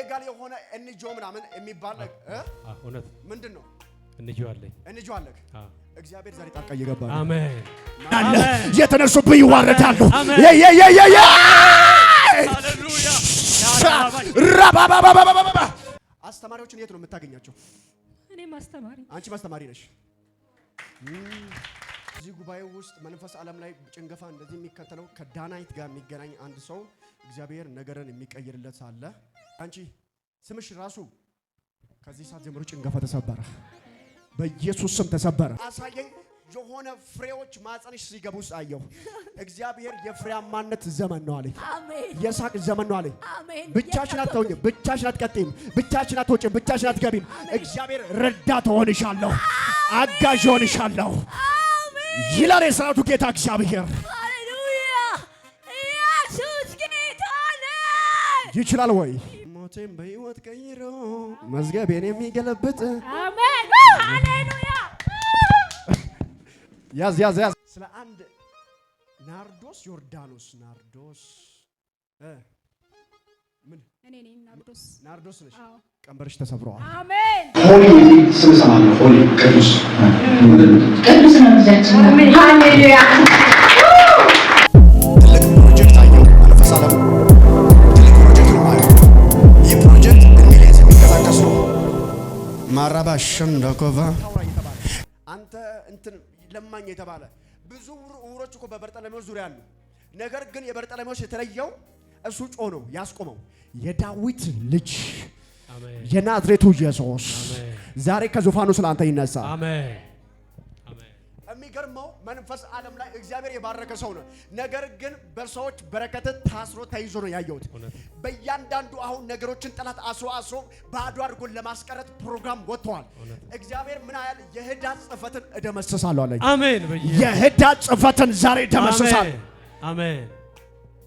ሌጋል የሆነ እንጆ ምናምን የሚባል እውነት ምንድን ነው? እንጆ አለኝ እንጆ አለክ። እግዚአብሔር ዛሬ ጣልቃ እየገባ አሜን። ይዋረዳሉ። አስተማሪዎችን የት ነው የምታገኛቸው? እኔ ማስተማሪ፣ አንቺ ማስተማሪ ነሽ። እዚህ ጉባኤ ውስጥ መንፈስ ዓለም ላይ ጭንገፋ እንደዚህ የሚከተለው ከዳናይት ጋር የሚገናኝ አንድ ሰው እግዚአብሔር ነገርን የሚቀይርለት ሳለ አንቺ ስምሽ ራሱ ከዚህ ሰዓት ጀምሮ ጭንገፋ ተሰበረ፣ በኢየሱስ ስም ተሰበረ። አሳየኝ የሆነ ፍሬዎች ማጸንሽ ሲገቡ ውስጥ አየሁ። እግዚአብሔር የፍሬያማነት ዘመን ነው አለኝ። የሳቅ ዘመን ነው አለኝ። ብቻሽን አትተውኝም፣ ብቻሽን አትቀጥይም፣ ብቻሽን አትወጪም፣ ብቻሽን አትገቢም። እግዚአብሔር ረዳት ሆንሻለሁ፣ አጋዥ ሆንሻለሁ ይላል የሰራዊቱ ጌታ እግዚአብሔር። ሃሌሉያ! ኢየሱስ ጌታ ይችላል ወይ? ህይወቴን በህይወት ቀይሮ መዝገቤን የሚገለብጥ ያዝ ያዝ ያዝ። ስለ አንድ ናርዶስ ዮርዳኖስ ናርዶስ ምን እኔ ነኝ ናርዶስ። ናርዶስ ነሽ፣ ቀንበርሽ ተሰብረዋል። አሜን። ቅዱስ ቅዱስ ነው ብዛችን። ሃሌሉያ ማራባሽን ዳኮቫ አንተ እንትን ለማኝ የተባለ ብዙ ውሮች እኮ በበርጠለሜዎስ ዙሪያ አሉ። ነገር ግን የበርጠለሜዎስ የተለየው እሱ ጮ ነው ያስቆመው የዳዊት ልጅ የናዝሬቱ ኢየሱስ ዛሬ ከዙፋኑ ስለ አንተ ይነሳ። የሚገርመው መንፈስ ዓለም ላይ እግዚአብሔር የባረከ ሰው ነው። ነገር ግን በሰዎች በረከት ታስሮ ተይዞ ነው ያየሁት። በእያንዳንዱ አሁን ነገሮችን ጠላት አስሮ አስሮ ባዶ አድርጎን ለማስቀረት ፕሮግራም ወጥተዋል። እግዚአብሔር ምን ያህል የህዳት ጽፈትን እደመሰሳለሁ አለ። አሜን። የህዳት ጽፈትን ዛሬ እደመስሳለሁ። አሜን።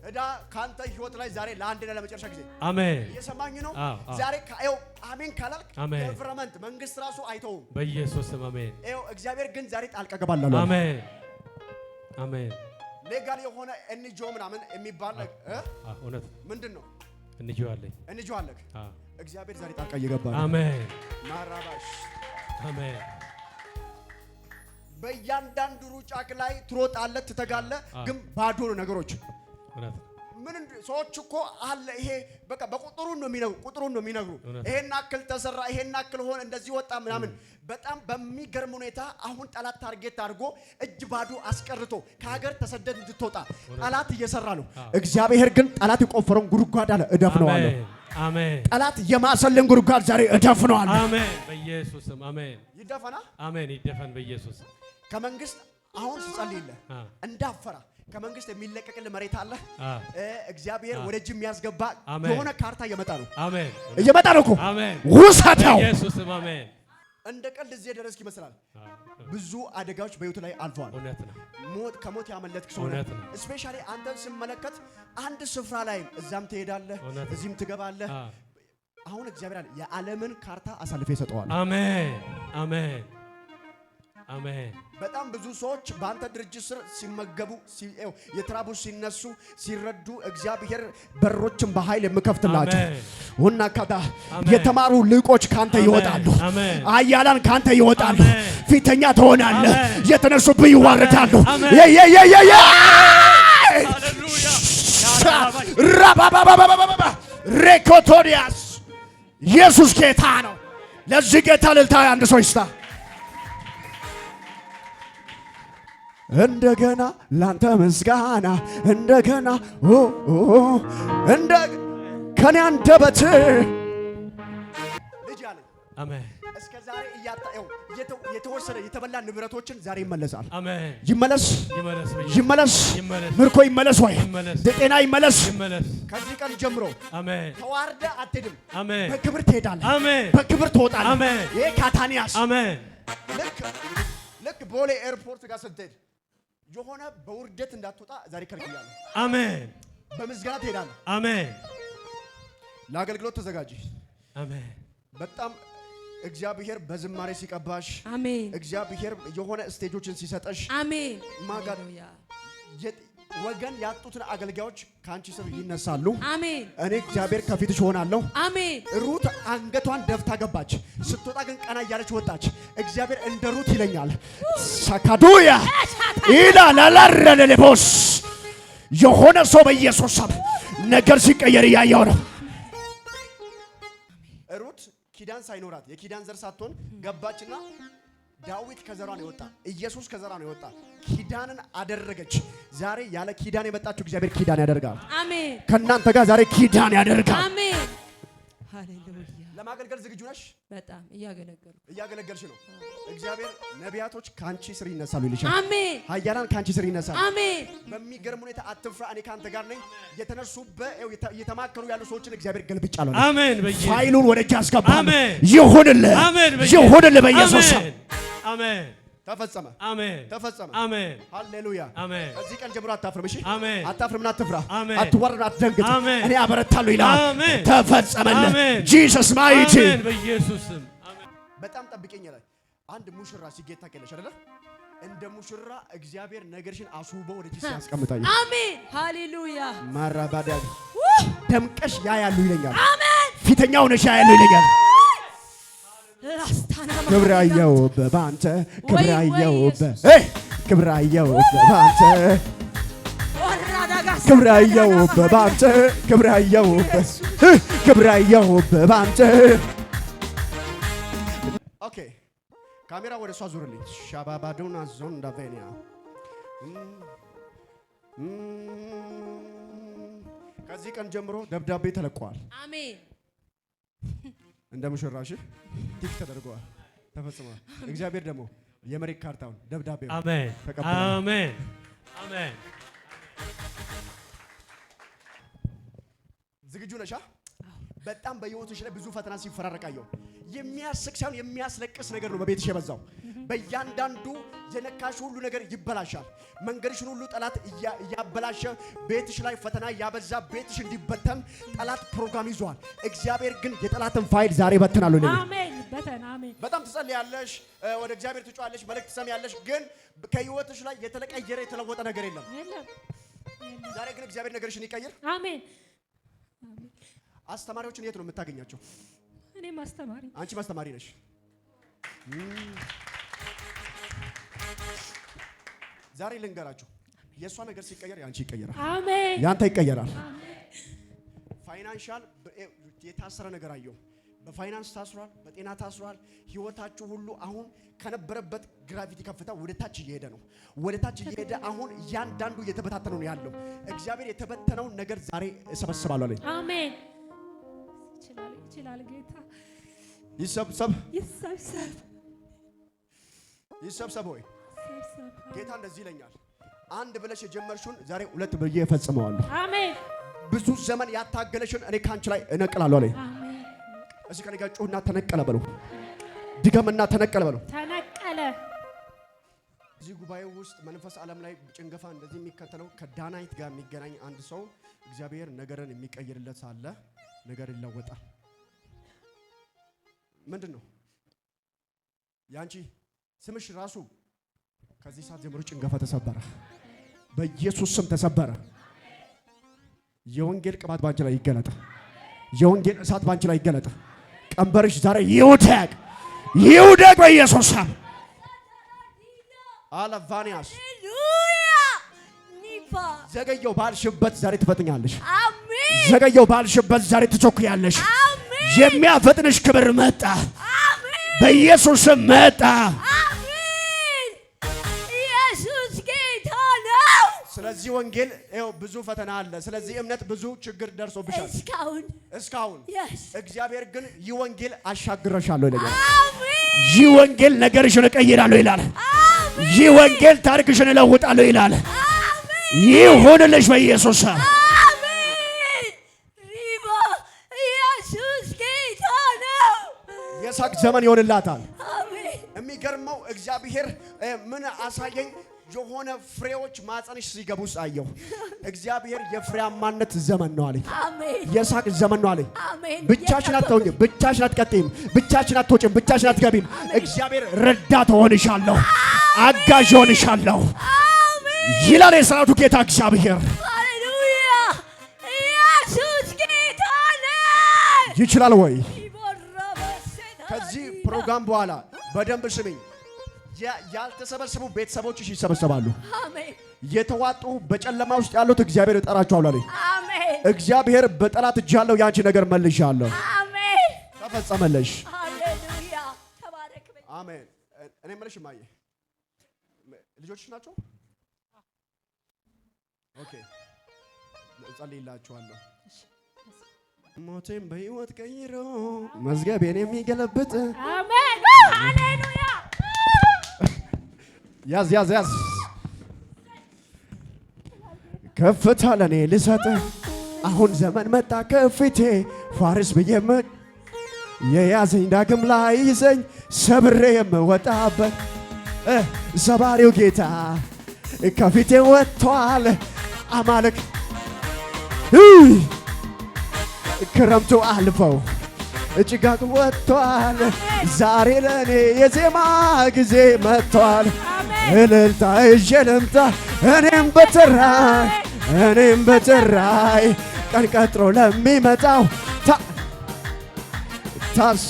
እዳ ካንተ ህይወት ላይ ዛሬ ለአንድና ለመጨረሻ ጊዜ አሜን። እየሰማኝ ነው። ዛሬ ካየው አሜን ካላልክ ገቨርመንት መንግስት ራሱ አይተውም። በኢየሱስ ስም አሜን። ይኸው እግዚአብሔር ግን ዛሬ ጣልቃ ገባላለሁ። አሜን አሜን። ሌጋል የሆነ እንጆ ምናምን የሚባል እውነት ምንድን ነው? እንጆ አለኝ እንጆ አለክ። እግዚአብሔር ዛሬ ጣልቃ እየገባ አሜን ማራባሽ አሜን። በእያንዳንዱ ሩጫክ ላይ ትሮጣለ፣ ትተጋለህ፣ ግን ባዶ ነው ነገሮች ምን ሰዎች እኮ አለ ይሄ በቃ በቁጥሩን ነው የሚነግሩ ቁጥሩን ነው የሚነግሩ። ይሄን አክል ተሰራ፣ ይሄን አክል ሆነ፣ እንደዚህ ወጣ ምናምን። በጣም በሚገርም ሁኔታ አሁን ጠላት ታርጌት አድርጎ እጅ ባዶ አስቀርቶ ከሀገር ተሰደድ እንድትወጣ ጠላት እየሰራ ነው። እግዚአብሔር ግን ጠላት የቆፈረውን ጉድጓድ አለ እደፍነዋለሁ። አሜን። ጠላት የማሰልን ጉድጓድ ዛሬ እደፍነዋለሁ። አሜን። በኢየሱስ አሜን። ይደፈና። አሜን። ይደፈን በኢየሱስ ከመንግስት አሁን ስጸልይልህ እንዳፈራ ከመንግስት የሚለቀቅል መሬት አለ። እግዚአብሔር ወደ እጅ የሚያስገባ የሆነ ካርታ እየመጣ ነው። አሜን፣ እየመጣ ነው እኮ አሜን። እንደ ቀልድ እዚህ የደረስክ ይመስላል። ብዙ አደጋዎች በህይወቱ ላይ አልፈዋል። ሞት ከሞት ያመለጥክ ሰው ነህ። እስፔሻሊ አንተን ስመለከት አንድ ስፍራ ላይ እዛም ትሄዳለህ፣ እዚህም ትገባለህ። አሁን እግዚአብሔር አለ የዓለምን ካርታ አሳልፌ ይሰጠዋል። አሜን አሜን። አሜን። በጣም ብዙ ሰዎች በአንተ ድርጅት ስር ሲመገቡ፣ የተራቡ ሲነሱ፣ ሲረዱ እግዚአብሔር በሮችን በኃይል የምከፍትላቸው የተማሩ ልቆች ካንተ ይወጣሉ። አያላን ካንተ ይወጣሉ። ፊተኛ የተነሱብህ ይዋረዳሉ። ሬኮቶዲያስ ኢየሱስ ጌታ ነው። ለዚህ ጌታ ልልታ አንድ ሰው ይስታ እንደገና ላንተ ምስጋና እንደገና እንደ ከኔ አንደበት የተወሰደ የተበላ ንብረቶችን ዛሬ ይመለሳል። ይመለስ ይመለስ፣ ምርኮ ይመለስ፣ ወይ ጤና ይመለስ። ከዚህ ቀን ጀምሮ ተዋርደ አትድም፣ በክብር ትሄዳለህ፣ በክብር ትወጣለህ። ይሄ ካታንያስ ልክ ቦሌ ኤርፖርት ጋር ስትሄድ የሆነ በውርደት እንዳትወጣ ዛሬ ከልክያለሁ። አሜን። በምስጋና ትሄዳለህ። አሜን። ለአገልግሎት ተዘጋጅ አሜን። በጣም እግዚአብሔር በዝማሬ ሲቀባሽ፣ አሜን። እግዚአብሔር የሆነ ስቴጆችን ሲሰጠሽ፣ አሜን። ማጋ ወገን ያጡትን አገልጋዮች ከአንቺ ስር ይነሳሉ። አሜን። እኔ እግዚአብሔር ከፊትሽ ሆናለሁ። አሜን። ሩት አንገቷን ደፍታ ገባች። ስትወጣ ግን ቀና እያለች ወጣች። እግዚአብሔር እንደ ሩት ይለኛል። ሳካዱያ ኢላ ላላረለሌቦስ የሆነ ሰው በኢየሱስ ሰብ ነገር ሲቀየር እያየው ነው። ሩት ኪዳን ሳይኖራት የኪዳን ዘር ሳትሆን ገባችና ዳዊት ከዘሯ ነው የወጣ። ኢየሱስ ከዘሯ ነው የወጣ። ኪዳንን አደረገች። ዛሬ ያለ ኪዳን የመጣችሁ እግዚአብሔር ኪዳን ያደርጋል። አሜን። ከእናንተ ጋር ዛሬ ኪዳን ያደርጋል። አሜን። ሃሌሉያ። ለማገልገል ዝግጁ ነሽ? በጣም እያገለገልኩ እያገለገልሽ ነው። እግዚአብሔር ነቢያቶች ከአንቺ ስር ይነሳሉ ይልሻል። አሜን። ኃያላን ከአንቺ ስር ይነሳሉ። አሜን። በሚገርም ሁኔታ አትፍራ፣ እኔ ከአንተ ጋር ነኝ። የተነሱበት እየተማከሩ ያሉ ሰዎችን እግዚአብሔር ገልብጫለሁ። አሜን። ፋይሉን ወደ እጅ አስገባ። አሜን። ይሁንልህ፣ ይሁንልህ በኢየሱስ አሜን። ተፈጸመ። አሜን። ተፈጸመ። አሜን። ሃሌሉያ። አሜን። ከዚህ ቀን ጀምሮ አታፍርም። እሺ፣ አሜን። አታፍርምና አትፍራ፣ አትዋረድ፣ አትደንግጥ። እኔ አበረታለሁ ይላል። ተፈጸመልህ። ጂሰስ ማይቲ በኢየሱስ በጣም ጠብቀኝ ይላል። አንድ ሙሽራ ሲጌታ ከለሽ አይደለ? እንደ ሙሽራ እግዚአብሔር ነገርሽን አስውቦ ወደ ጂሰስ ያስቀምጣል። አሜን። ሃሌሉያ። ማራባዳ ደምቀሽ ያ ይለኛል። አሜን። ፊተኛው ነሽ ይለኛል። ክብራየው በባንተ ክብራየው ክብራየው በባንተ ክብራየው በባንተ ክብራየው ክብራየው በባንተ ኦኬ ካሜራ ወደ እሷ ዙርልኝ። ሻባባዱና ዞንዳ ቬኒያ ከዚህ ቀን ጀምሮ ደብዳቤ ተለቋል። አሜን እንደ ሙሽራሽ ቲክ ተደርገዋል፣ ተፈጽመዋል። እግዚአብሔር ደግሞ የመሬት ካርታውን ደብዳቤ አሜን አሜን። ዝግጁ ነሻ? በጣም በህይወትሽ ላይ ብዙ ፈተና ሲፈራረቃየው የሚያስቅ ሳይሆን የሚያስለቅስ ነገር ነው በቤትሽ የበዛው በእያንዳንዱ የነካሽ ሁሉ ነገር ይበላሻል። መንገድሽን ሁሉ ጠላት እያበላሸ ቤትሽ ላይ ፈተና ያበዛ ቤትሽ እንዲበተን ጠላት ፕሮግራም ይዟል። እግዚአብሔር ግን የጠላትን ፋይል ዛሬ በተናሉ ነው። አሜን። በተና አሜን። በጣም ትጸልያለሽ፣ ወደ እግዚአብሔር ትጮያለሽ፣ መልእክት ትሰሚያለሽ። ግን ከህይወትሽ ላይ የተቀየረ የተለወጠ ነገር የለም። ዛሬ ግን እግዚአብሔር ነገርሽን ይቀይር። አሜን። አስተማሪዎችን የት ነው የምታገኛቸው? እኔ ማስተማሪ፣ አንቺ ማስተማሪ ነሽ። ዛሬ ልንገራችሁ፣ የእሷ ነገር ሲቀየር ያንቺ ይቀየራል። ያንተ ይቀየራል። ፋይናንሻል የታሰረ ነገር አየሁ። በፋይናንስ ታስሯል፣ በጤና ታስሯል። ህይወታችሁ ሁሉ አሁን ከነበረበት ግራቪቲ ከፍታ ወደ ታች እየሄደ ነው። ወደ ታች እየሄደ አሁን እያንዳንዱ እየተበታተነ ነው ያለው። እግዚአብሔር የተበተነውን ነገር ዛሬ እሰበስባለሁ አለኝ። አሜን። ይችላል ጌታ። ይሰብሰብ፣ ይሰብሰብ፣ ይሰብሰብ ወይ ጌታ እንደዚህ ይለኛል፣ አንድ ብለሽ የጀመርሽውን ዛሬ ሁለት ብዬ እፈጽመዋለሁ። አሜን። ብዙ ዘመን ያታገለሽን እኔ ካንቺ ላይ እነቅላለሁ አለኝ። እዚህ ከነጋ ጋር ተነቀለ በለው፣ ድገምና ተነቀለ በለው፣ ተነቀለ። እዚህ ጉባኤ ውስጥ መንፈስ ዓለም ላይ ጭንገፋ እንደዚህ የሚከተለው ከዳናይት ጋር የሚገናኝ አንድ ሰው እግዚአብሔር ነገርን የሚቀይርለት ሳለ ነገር ይለወጣል። ምንድን ነው ያንቺ ስምሽ ራሱ ከዚህ ሰዓት ጀምሮ ጭንገፋ ተሰበረ፣ በኢየሱስ ስም ተሰበረ። የወንጌል ቅባት ባንቺ ላይ ይገለጥ። የወንጌል እሳት ባንቺ ላይ ይገለጥ። ቀንበርሽ ዛሬ ይውደቅ፣ ይውደቅ በኢየሱስ ስም። አለቫኒያስ ዘገየው ባልሽበት ዛሬ ትፈጥኛለሽ። ዘገየው ባልሽበት ዛሬ ትቸኩያለሽ። የሚያፈጥንሽ ክብር መጣ፣ በኢየሱስ ስም መጣ። አሜን። በዚህ ወንጌል ብዙ ፈተና አለ። ስለዚህ እምነት ብዙ ችግር ደርሶብሻል እስካሁን እስካሁን። እግዚአብሔር ግን ይህ ወንጌል አሻግረሻለሁ ይለኛል። ይህ ወንጌል ነገርሽን እቀይራለሁ ይላል። ይህ ወንጌል ታሪክሽን እለውጣለሁ ይላል። ይሁንልሽ በኢየሱስ የሳቅ ዘመን ይሆንላታል። የሚገርመው እግዚአብሔር ምን አሳየኝ የሆነ ፍሬዎች ማጸንሽ ሲገቡ ውስጥ አየሁ። እግዚአብሔር የፍሬያማነት ዘመን ነው አለኝ። የሳቅ ዘመን ነው አለኝ። ብቻሽን አትተውኝም፣ ብቻሽን አትቀጥይም፣ ብቻሽን አትወጪም፣ ብቻሽን አትገቢም። እግዚአብሔር ረዳት ሆንሻለሁ፣ አጋዥ ሆንሻለሁ ይላል የሰራዊቱ ጌታ እግዚአብሔር። ይችላል ወይ? ከዚህ ፕሮግራም በኋላ በደንብ ስሚኝ። ያልተሰበሰቡ ቤተሰቦችሽ ይሰበሰባሉ። የተዋጡ በጨለማ ውስጥ ያሉት እግዚአብሔር እጠራቸዋለሁ አለኝ። እግዚአብሔር በጠላት እጅ ያለው ያንቺ ነገር መልሻለሁ። አሜን። ተፈጸመለሽ። ሃሌሉያ። ተባረክ። አሜን። እኔ የምልሽ ማየ ልጆችሽ ናቸው። ኦኬ፣ እጸልይላችኋለሁ። ሞቴም በህይወት ቀይሮ መዝገቤን የሚገለብጥ አሜን። ሃሌሉያ ያዝ ያዝ ያዝ ከፍታ ለኔ ልሰጥ አሁን ዘመን መጣ ከፊቴ ፋርስ ብዬ የያዘኝ ዳግም ላይ ይዘኝ ሰብሬ የምወጣበት ሰባሪው ጌታ ከፊቴ ወጥቷል። አማልክ ክረምቱ አልፈው ጭጋግ ወጥቷል። ዛሬ ለእኔ የዜማ ጊዜ መጥቷል። እልልታ እዤ ልምጣ እኔም በትራይ እኔም በትራይ ቀን ቀጥሮ ለሚመጣው ታስ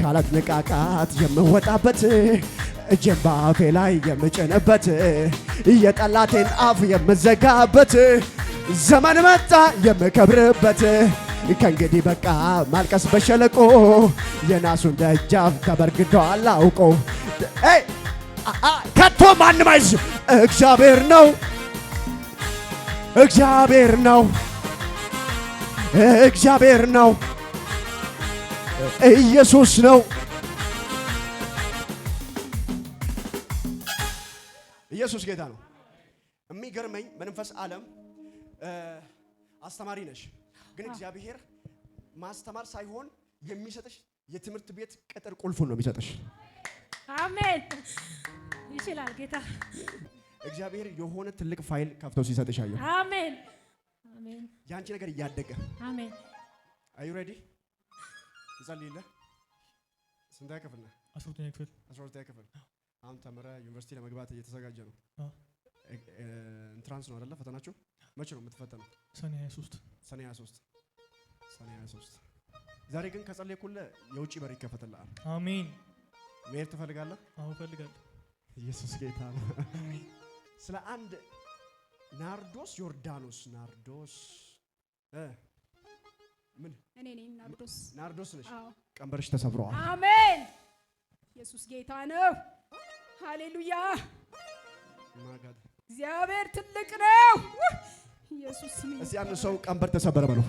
ካለትንቃቃት የምወጣበት እጄን በአፌ ላይ የምጭንበት የጠላቴን አፍ የምዘጋበት ዘመን መጣ የምከብርበት ከእንግዲህ በቃ ማልቀስ በሸለቆ የናሱን ደጃፍ ተበርግዷል አውቆ ከቶ ማንም አይዝ እግዚአብሔር ነው እግዚአብሔር ነው እግዚአብሔር ነው ኢየሱስ ነው ኢየሱስ ጌታ ነው። የሚገርመኝ በመንፈስ ዓለም አስተማሪ ነሽ ግን እግዚአብሔር ማስተማር ሳይሆን የሚሰጥሽ የትምህርት ቤት ቅጥር ቁልፉን ነው የሚሰጥሽ። አሜን። ይችላል ጌታ እግዚአብሔር የሆነ ትልቅ ፋይል ከፍቶ ሲሰጥሽ አየሁ። አሜን። የአንቺ ነገር እያደገ አሜን። አዩ ሬዲ ይጸልይለ ስንተኛ ክፍል ነህ? አስራ ሁለተኛ ክፍል። አስራ ሁለተኛ ክፍል አሁን ተምረህ ዩኒቨርሲቲ ለመግባት እየተዘጋጀ ነው። ኢንትራንስ ነው አይደለ? ፈተናችሁ መቼ ነው የምትፈተነው? ሰኔ 23 ሰኔ 23 ሰኔ 23 ዛሬ ግን ከጸለይኩልህ የውጭ በር ይከፈትልሃል። አሜን። መሄድ ትፈልጋለህ? አዎ እፈልጋለሁ። ኢየሱስ ጌታ ነው። ስለ አንድ ናርዶስ ዮርዳኖስ ናርዶስ እ ምን እኔ ነኝ ናርዶስ ናርዶስ ነሽ። ቀንበርሽ ተሰብሯል። አሜን። ኢየሱስ ጌታ ነው። ሃሌሉያ። እግዚአብሔር ትልቅ ነው። እስኪ አንድ ሰው ቀንበር ተሰበረ በለው።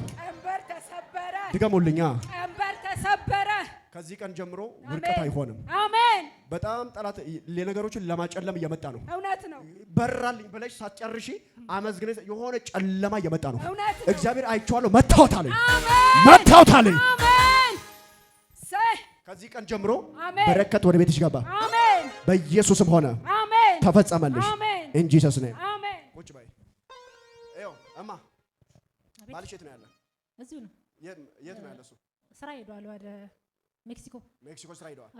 ድገሙልኛ። ቀንበር ተሰበረ። ከዚህ ቀን ጀምሮ ውድቀት አይሆንም። አሜን። በጣም ጠላት ነገሮችን ለማጨለም እየመጣ ነው። እውነት ነው። በራልኝ ብለሽ ሳትጨርሺ አመዝግነሽ የሆነ ጨለማ እየመጣ ነው። እግዚአብሔር አይቼዋለሁ። መታወት አለኝ። መታወት አለኝ። ከዚህ ቀን ጀምሮ በረከት ወደ ቤትሽ ገባ። በኢየሱስም ሆነ ተፈጸመልሽ። ኢን ጂሰስ ኔም ባልሽ የት ነው ያለ? እዚሁ ነው። የት ነው ያለ እሱ? ስራ ሄደዋል፣ ወደ ሜክሲኮ። ሜክሲኮ ስራ ሄደዋል።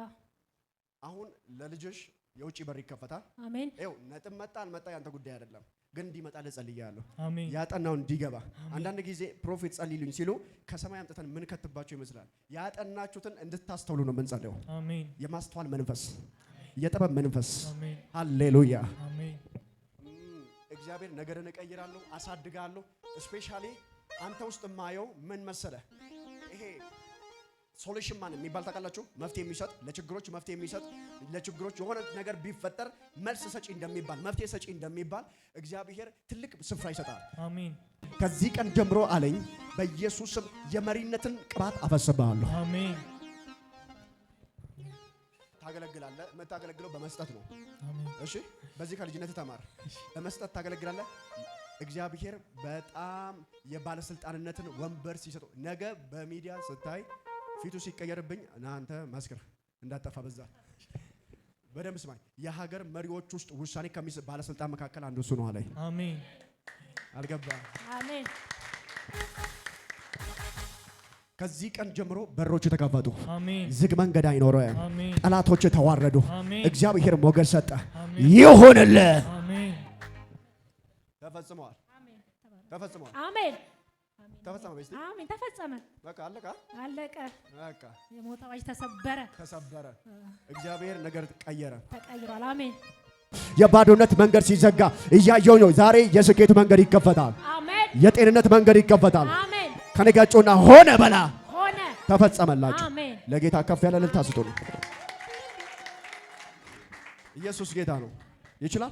አሁን ለልጅሽ የውጭ በር ይከፈታል። አሜን። ይኸው ነጥብ መጣ አልመጣ ያንተ ጉዳይ አይደለም፣ ግን እንዲመጣ ልጸልያለሁ። አሜን። ያጠናው እንዲገባ። አንዳንድ ጊዜ ፕሮፌት ጸልይልኝ ሲሉ ከሰማይ አምጥተን ምን ከትባቸው ይመስላል። ያጠናችሁትን እንድታስተውሉ ነው የምንጸልየው። አሜን። የማስተዋል መንፈስ፣ የጥበብ መንፈስ። አሜን። ሃሌሉያ። አሜን። እግዚአብሔር ነገርን እቀይራለሁ፣ አሳድጋለሁ። ስፔሻሊ አንተ ውስጥ የማየው ምን መሰለ ይሄ ሶሉሽን ማን የሚባል ታውቃላችሁ? መፍትሄ የሚሰጥ ለችግሮች መፍትሄ የሚሰጥ ለችግሮች የሆነ ነገር ቢፈጠር መልስ ሰጪ እንደሚባል መፍትሄ ሰጪ እንደሚባል እግዚአብሔር ትልቅ ስፍራ ይሰጣል። አሜን። ከዚህ ቀን ጀምሮ አለኝ በኢየሱስም የመሪነትን ቅባት አፈስብሃለሁ። አሜን። ታገለግላለህ። የምታገለግለው በመስጠት ነው። እሺ፣ በዚህ ከልጅነት ተማር። በመስጠት ታገለግላለህ። እግዚአብሔር በጣም የባለስልጣንነትን ወንበር ሲሰጥ ነገ በሚዲያ ስታይ ፊቱ ሲቀየርብኝ እናንተ መስክር እንዳጠፋ በዛ በደንብ ስማኝ። የሀገር መሪዎች ውስጥ ውሳኔ ከሚስ ባለስልጣን መካከል አንዱ እሱ ነው አለኝ። አሜን። አልገባ አሜን። ከዚህ ቀን ጀምሮ በሮች ተከፈቱ። ዝግ መንገድ አይኖረ። ጠላቶች ተዋረዱ። እግዚአብሔር ሞገድ ሰጠ። ይሁንልህ ተፈጽመዋል። ተፈጽመዋል። አሜን። ተፈጸመ። ቤስቲ አሜን። ተፈጸመ። በቃ አለቀ፣ አለቀ። በቃ የሞት አዋጅ ተሰበረ፣ ተሰበረ። እግዚአብሔር ነገር ቀየረ፣ ተቀይሯል። አሜን። የባዶነት መንገድ ሲዘጋ እያየው ነው። ዛሬ የስኬት መንገድ ይከፈታል። አሜን። የጤንነት መንገድ ይከፈታል። አሜን። ከነጋጮና ሆነ በላ ሆነ ተፈጸመላችሁ። ለጌታ ከፍ ያለ እልልታ ስጡ ነው። ኢየሱስ ጌታ ነው። ይችላል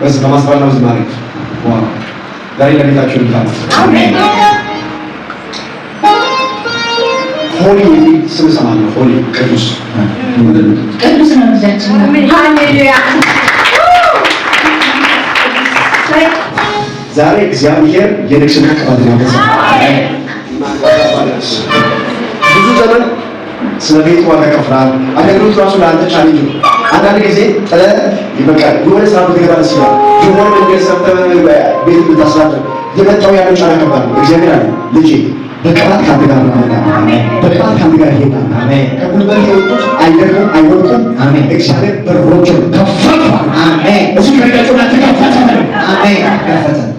በስ በማስባል ነው ዝማሬ ዛሬ ለቤታችሁ ልታል ሆሊ የሚል ስም እሰማለሁ። ሆሊ ቅዱስ ቅዱስ ነው ብዛችን። ሃሌሉያ ዛሬ እግዚአብሔር የንግስና ቅባት ያገዛ ብዙ ዘመን ስለ ቤት ዋጋ ከፍራል። አገልግሎት ራሱ ለአንተ ቻሌንጅ ነው አንዳንድ ጊዜ ጥለ በቃ የሆነ ስራ ብትገባ ደስ ይላል። የሆነ መንገድ ሰብተህ ቤት ብታስተዳድር የመጣው ያለው ጫና ከባድ ነው። እግዚአብሔር አለ ልጄ በቅባት ከአንተ ጋር ነው። በቅባት ከአንተ ጋር ይሄዳል። ከጉልበት የወጡት አይደርቁም፣ አይወድቁም። እግዚአብሔር በሮችን ከፈቷል። እሱ ከሪዳቸው ናተ ከፈተ ከፈተ